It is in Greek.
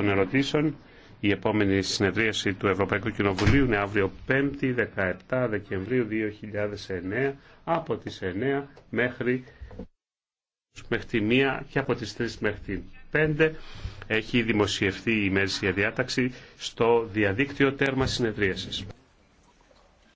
των ερωτήσεων. Η επόμενη συνεδρίαση του Ευρωπαϊκού Κοινοβουλίου είναι αύριο 5η 17 Δεκεμβρίου 2009 από τις 9 μέχρι, μέχρι τη 1 και από τις 3 μέχρι τη 5 έχει δημοσιευθεί η μέση διάταξη στο διαδίκτυο τέρμα συνεδρίασης.